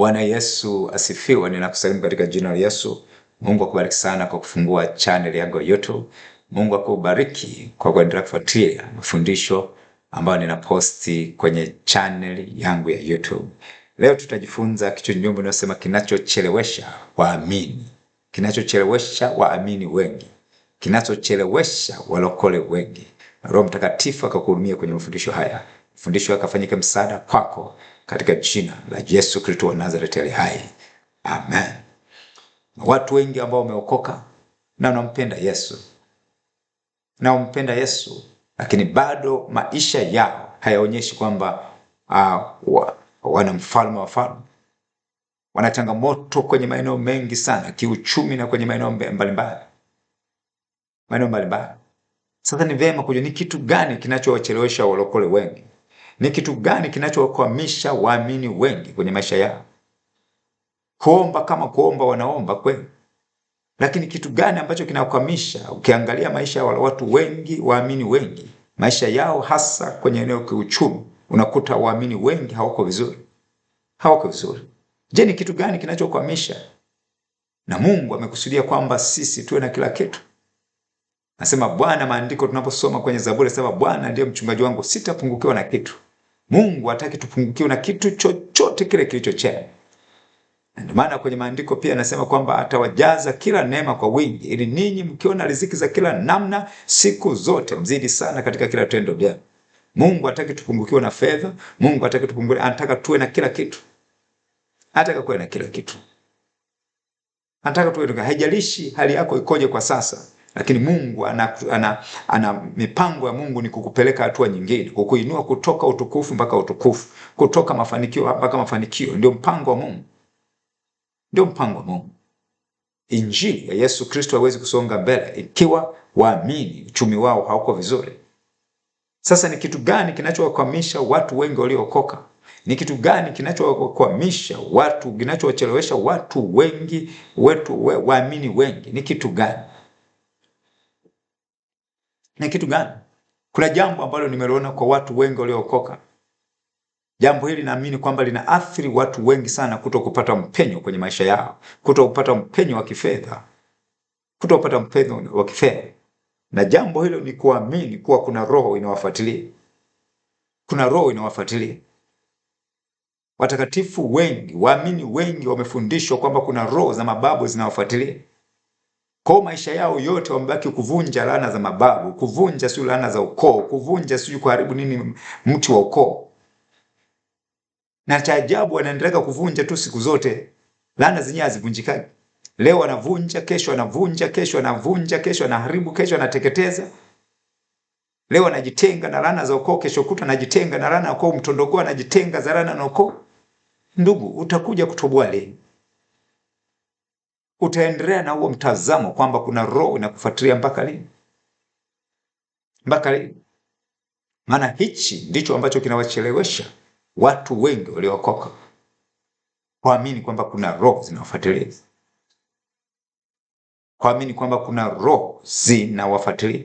Bwana Yesu asifiwe. Ninakusalimu katika jina la Yesu. Mungu akubariki sana kwa kufungua channel yangu YouTube. Mungu akubariki kwa kuendelea kufuatilia mafundisho ambayo ninaposti kwenye channel yangu ya YouTube. Leo tutajifunza kichwa nyumba inayosema kinachochelewesha waamini, kinachochelewesha waamini wengi, kinachochelewesha walokole wengi. Roho Mtakatifu akakuhudumia kwenye mafundisho haya, mafundisho yakafanyike msaada kwako katika jina la Yesu Kristo wa Nazareti ali hai, amen. Watu wengi ambao wameokoka na wanampenda Yesu na wampenda Yesu, lakini bado maisha yao hayaonyeshi kwamba uh, wana mfalme wa falme. Wana changamoto kwenye maeneo mengi sana, kiuchumi na kwenye maeneo mbalimbali maeneo mbalimbali. Sasa ni vema kujua ni kitu gani kinachowachelewesha walokole wengi ni kitu gani kinachowakwamisha waamini wengi kwenye maisha yao? Kuomba kama kuomba, wanaomba kweli, lakini kitu gani ambacho kinakwamisha? Ukiangalia maisha ya watu wengi, waamini wengi, maisha yao hasa kwenye eneo kiuchumi, unakuta waamini wengi hawako vizuri, hawako vizuri. Je, ni kitu gani kinachokwamisha? Na Mungu amekusudia kwamba sisi tuwe na kila kitu. Nasema Bwana, maandiko tunaposoma kwenye Zaburi sema, Bwana ndiye mchungaji wangu, sitapungukiwa na kitu. Mungu hataki tupungukiwe na kitu chochote kile kilicho chema. Ndio maana kwenye maandiko pia anasema kwamba atawajaza kila neema kwa wingi, ili ninyi mkiona riziki za kila namna siku zote mzidi sana katika kila tendo jema. Mungu hataki tupungukiwe na fedha. Mungu hataki tupungukiwe, anataka tuwe na kila kitu, anataka kuwe na kila kitu, anataka tuwe, haijalishi hali yako ikoje kwa sasa lakini Mungu ana, ana, ana mipango ya Mungu ni kukupeleka hatua nyingine, kukuinua kutoka utukufu mpaka utukufu, kutoka mafanikio mpaka mafanikio. Ndio mpango wa Mungu, ndio mpango wa Mungu. Injili ya Yesu Kristo haiwezi kusonga mbele ikiwa waamini uchumi wao hauko vizuri. Sasa ni kitu gani kinachowakwamisha watu wengi waliookoka? Ni kitu gani kinachowakwamisha watu, kinachowachelewesha watu wengi wetu, waamini wengi? Ni kitu gani? Ni kitu gani? Kuna jambo ambalo nimeliona kwa watu wengi waliookoka. Jambo hili naamini kwamba linaathiri watu wengi sana, kuto kupata mpenyo kwenye maisha yao, kuto kupata mpenyo wa kifedha, kuto kupata mpenyo wa kifedha. Na jambo hilo ni kuamini kuwa kuna roho inawafuatilia, kuna roho inawafuatilia. Watakatifu wengi, waamini wengi wamefundishwa kwamba kuna roho za mababu zinawafuatilia kwa maisha yao yote wamebaki kuvunja laana za mababu, kuvunja sio laana za ukoo, kuvunja sio kuharibu nini mti wa ukoo. Na cha ajabu wanaendelea kuvunja tu siku zote. Laana zenyewe hazivunjikaji. Leo wanavunja, kesho wanavunja, kesho wanavunja, kesho wanaharibu, kesho wanateketeza. Leo anajitenga na laana za ukoo, kesho kuta anajitenga na laana ya ukoo, mtondogoa anajitenga za laana na ukoo. Ndugu, utakuja kutoboa lini? utaendelea na huo mtazamo kwamba kuna roho inakufuatilia mpaka lini? Mpaka lini? Maana hichi ndicho ambacho kinawachelewesha watu wengi waliokoka kuamini kwamba kuna roho zinawafuatilia, kuamini kwamba kuna roho zinawafuatilia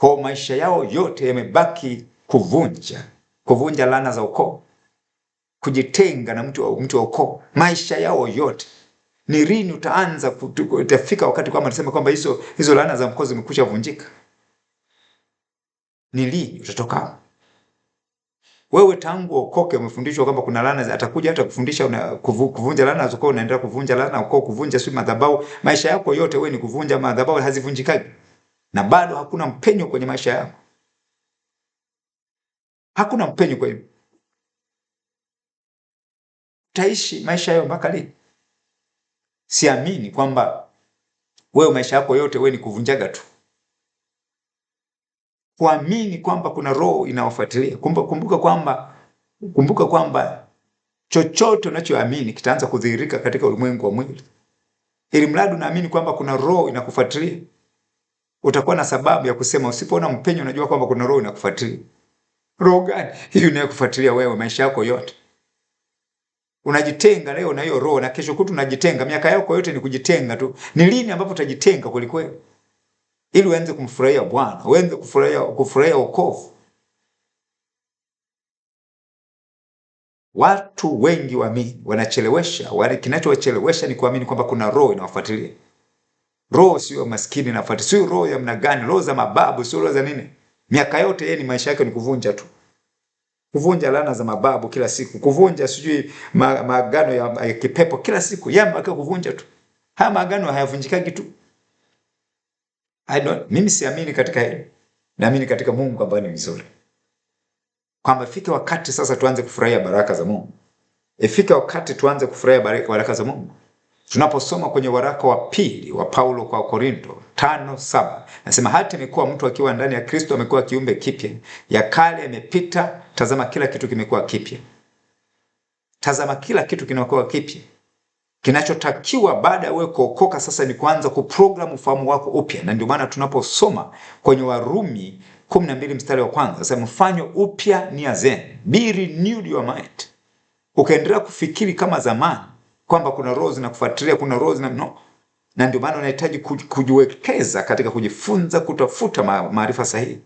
kwa maisha yao yote yamebaki kuvunja kuvunja lana za ukoo, kujitenga na mtu wa ukoo, maisha yao yote ni lini utaanza utafika wakati kwamba anasema kwamba hizo hizo laana za mkoo zimekwisha vunjika? Ni lini utatoka? Wewe tangu okoke umefundishwa kwamba kuna laana, atakuja hata kufundisha una, kuvu, kuvunja laana zako, unaendelea kuvunja laana ukoo, kuvunja si madhabahu. Maisha yako yote wewe ni kuvunja madhabahu, hazivunjikaji na bado hakuna mpenyo kwenye maisha yako, hakuna mpenyo kwenye, utaishi maisha hayo mpaka lini? Siamini kwamba wewe maisha yako yote wewe ni kuvunjaga tu. Kuamini kwamba kuna roho inawafuatilia. Kumbuka kwamba kumbuka kwamba chochote unachoamini kitaanza kudhihirika katika ulimwengu wa mwili. Ili mradi unaamini kwamba kuna roho inakufuatilia, utakuwa na sababu ya kusema. Usipoona mpenyo, unajua kwamba kuna roho inakufuatilia. Roho gani hiyo inayokufuatilia wewe maisha yako yote? unajitenga leo na hiyo roho na kesho kutu unajitenga, miaka yako yote ni kujitenga tu. Ni lini ambapo utajitenga kwelikweli, ili uanze kumfurahia Bwana, uanze kufurahia kufurahia wokovu. Watu wengi waamini wanachelewesha, wale kinachowachelewesha ni kuamini kwamba kuna roho inawafuatilia. Roho sio maskini inafuatilia, sio roho ya mna gani, roho za mababu, sio roho za nini. Miaka yote yeye ni maisha yake ni kuvunja tu kuvunja lana za mababu kila siku, kuvunja sijui maagano ya, ya kipepo kila siku, yamebakiwa kuvunja tu. Haya maagano hayavunjikagi tu. I don't, mimi siamini katika hili. naamini katika Mungu ambaye ni mzuri, kwamba fike wakati sasa tuanze kufurahia baraka za Mungu. Ifike wakati tuanze kufurahia baraka za Mungu. Tunaposoma kwenye waraka wa pili wa Paulo kwa Korinto tano saba nasema hata imekuwa mtu akiwa ndani ya Kristo amekuwa kiumbe kipya, ya kale yamepita, tazama kila kitu kimekuwa kipya. Tazama kila kitu kinakuwa kipya. Kinachotakiwa baada ya wewe kuokoka sasa ni kuanza kuprogram ufahamu wako upya, na ndio maana tunaposoma kwenye Warumi 12 mstari wa kwanza nasema mfanywe upya nia zenu, be renewed your mind, ukaendelea kufikiri kama zamani kwamba kuna roho zinakufuatilia, kuna roho zina no. Na ndio maana unahitaji kujiwekeza katika kujifunza kutafuta maarifa sahihi.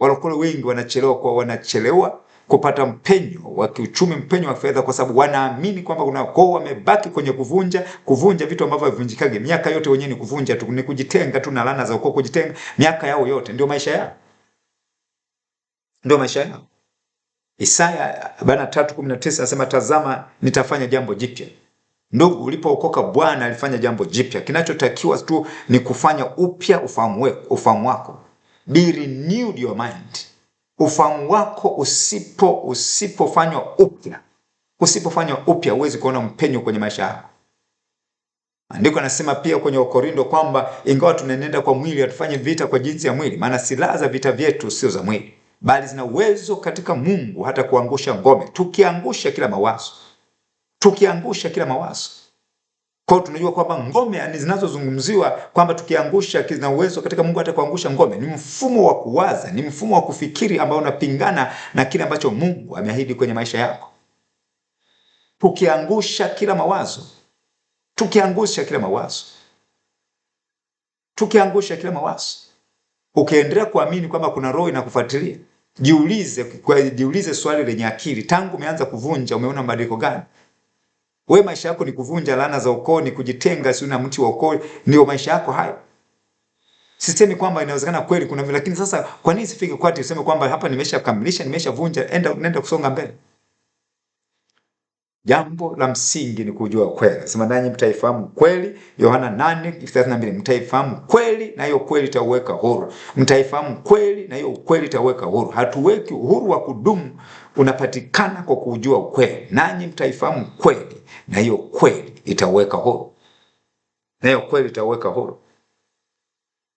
Walokole wengi wanachelewa kwa wanachelewa kupata mpenyo wa kiuchumi, mpenyo wa fedha, kwa sababu wanaamini kwamba kuna kwao, wamebaki kwenye kuvunja kuvunja vitu ambavyo havivunjikage. Miaka yote wenyewe ni kuvunja tu, ni kujitenga tu na laana za ukoo, kujitenga miaka yao yote, ndio maisha yao, ndio maisha yao. Isaya 43:19 asema tazama, nitafanya jambo jipya. Ndugu, ulipookoka Bwana alifanya jambo jipya. Kinachotakiwa tu ni kufanya upya ufahamu wako. Be renewed your mind. Ufahamu wako usipo usipofanywa upya, usipofanywa upya huwezi kuona mpenyo kwenye maisha yako. Andiko anasema pia kwenye Wakorindo kwamba ingawa tunaenenda kwa mwili, hatufanyi vita kwa jinsi ya mwili, maana silaha za vita vyetu sio za mwili bali zina uwezo katika Mungu hata kuangusha ngome, tukiangusha kila mawazo, tukiangusha kila mawazo. Kwa tunajua kwamba ngome yani zinazozungumziwa kwamba tukiangusha, zina uwezo katika Mungu hata kuangusha ngome, ni mfumo wa kuwaza, ni mfumo wa kufikiri ambao unapingana na kile ambacho Mungu ameahidi kwenye maisha yako. Tukiangusha kila mawazo, tukiangusha kila mawazo, tukiangusha kila mawazo, ukiendelea kuamini kwamba kuna roho inakufuatilia Jiulize, kwa, jiulize swali lenye akili. Tangu umeanza kuvunja umeona mabadiliko gani? Wewe maisha yako ni kuvunja laana za ukoo, ni kujitenga si na mti wa ukoo, ndio maisha yako hayo. Sisemi kwamba inawezekana kweli kuna vile, lakini sasa kwa nini sifike kwati useme kwamba hapa nimeshakamilisha, nimeshavunja, enda nenda kusonga mbele. Jambo la msingi ni kujua kweli. Sema nanyi mtaifahamu kweli, Yohana 8:32. Mtaifahamu kweli na hiyo kweli itaweka huru. Mtaifahamu kweli na hiyo kweli itaweka huru. Hatuweki uhuru wa kudumu unapatikana kwa kujua kweli. Nanyi mtaifahamu kweli na hiyo kweli itaweka huru. Na hiyo kweli itaweka huru.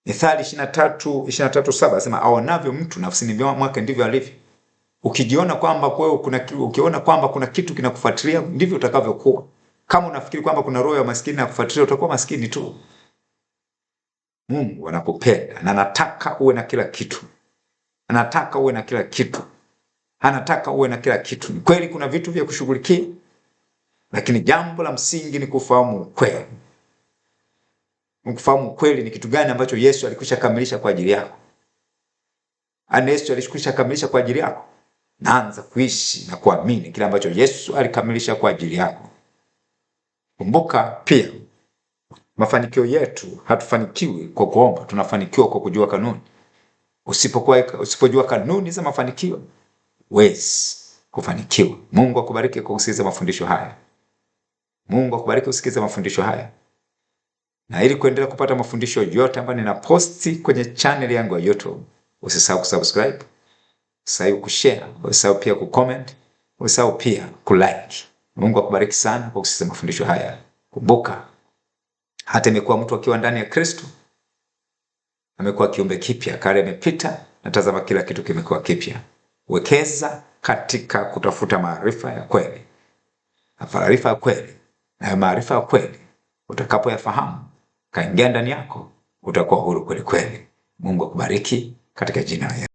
Mithali 23:23:7 asema aonavyo mtu nafsini mwake ndivyo alivyo ukijiona kwamba kwao kuna ukiona kwamba kuna kitu kinakufuatilia ndivyo utakavyokuwa. Kama unafikiri kwamba kuna roho ya maskini inakufuatilia utakuwa maskini tu. Mungu anakupenda na anataka uwe na kila kitu, anataka uwe na kila kitu, anataka uwe na kila kitu. Ni kweli kuna vitu vya kushughulikia, lakini jambo la msingi ni kufahamu ukweli. Ukifahamu ukweli ni kitu gani ambacho Yesu alikwisha kamilisha kwa ajili yako, ana yaani Yesu alikwisha kamilisha kwa ajili yako naanza kuishi na kuamini kile ambacho Yesu alikamilisha kwa ajili yako. Kumbuka pia mafanikio yetu, hatufanikiwi kwa kuomba, tunafanikiwa kwa kujua kanuni. Usipokuwa usipojua kanuni za mafanikio huwezi kufanikiwa. Mungu akubariki kwa kusikiza mafundisho haya. Mungu akubariki usikize mafundisho haya, na ili kuendelea kupata mafundisho yote ambayo ninaposti kwenye channel yangu ya YouTube, usisahau kusubscribe usahau kushare, usahau pia kucomment, usahau pia kulike. Mungu akubariki sana kwa kusikiza mafundisho haya. Kumbuka, hata imekuwa mtu akiwa ndani ya Kristo amekuwa kiumbe kipya, kale amepita na tazama, kila kitu kimekuwa kipya. Wekeza katika kutafuta maarifa ya kweli, maarifa ya kweli, na maarifa ya kweli utakapoyafahamu kaingia ndani yako, utakuwa huru kweli kweli. Mungu akubariki katika jina la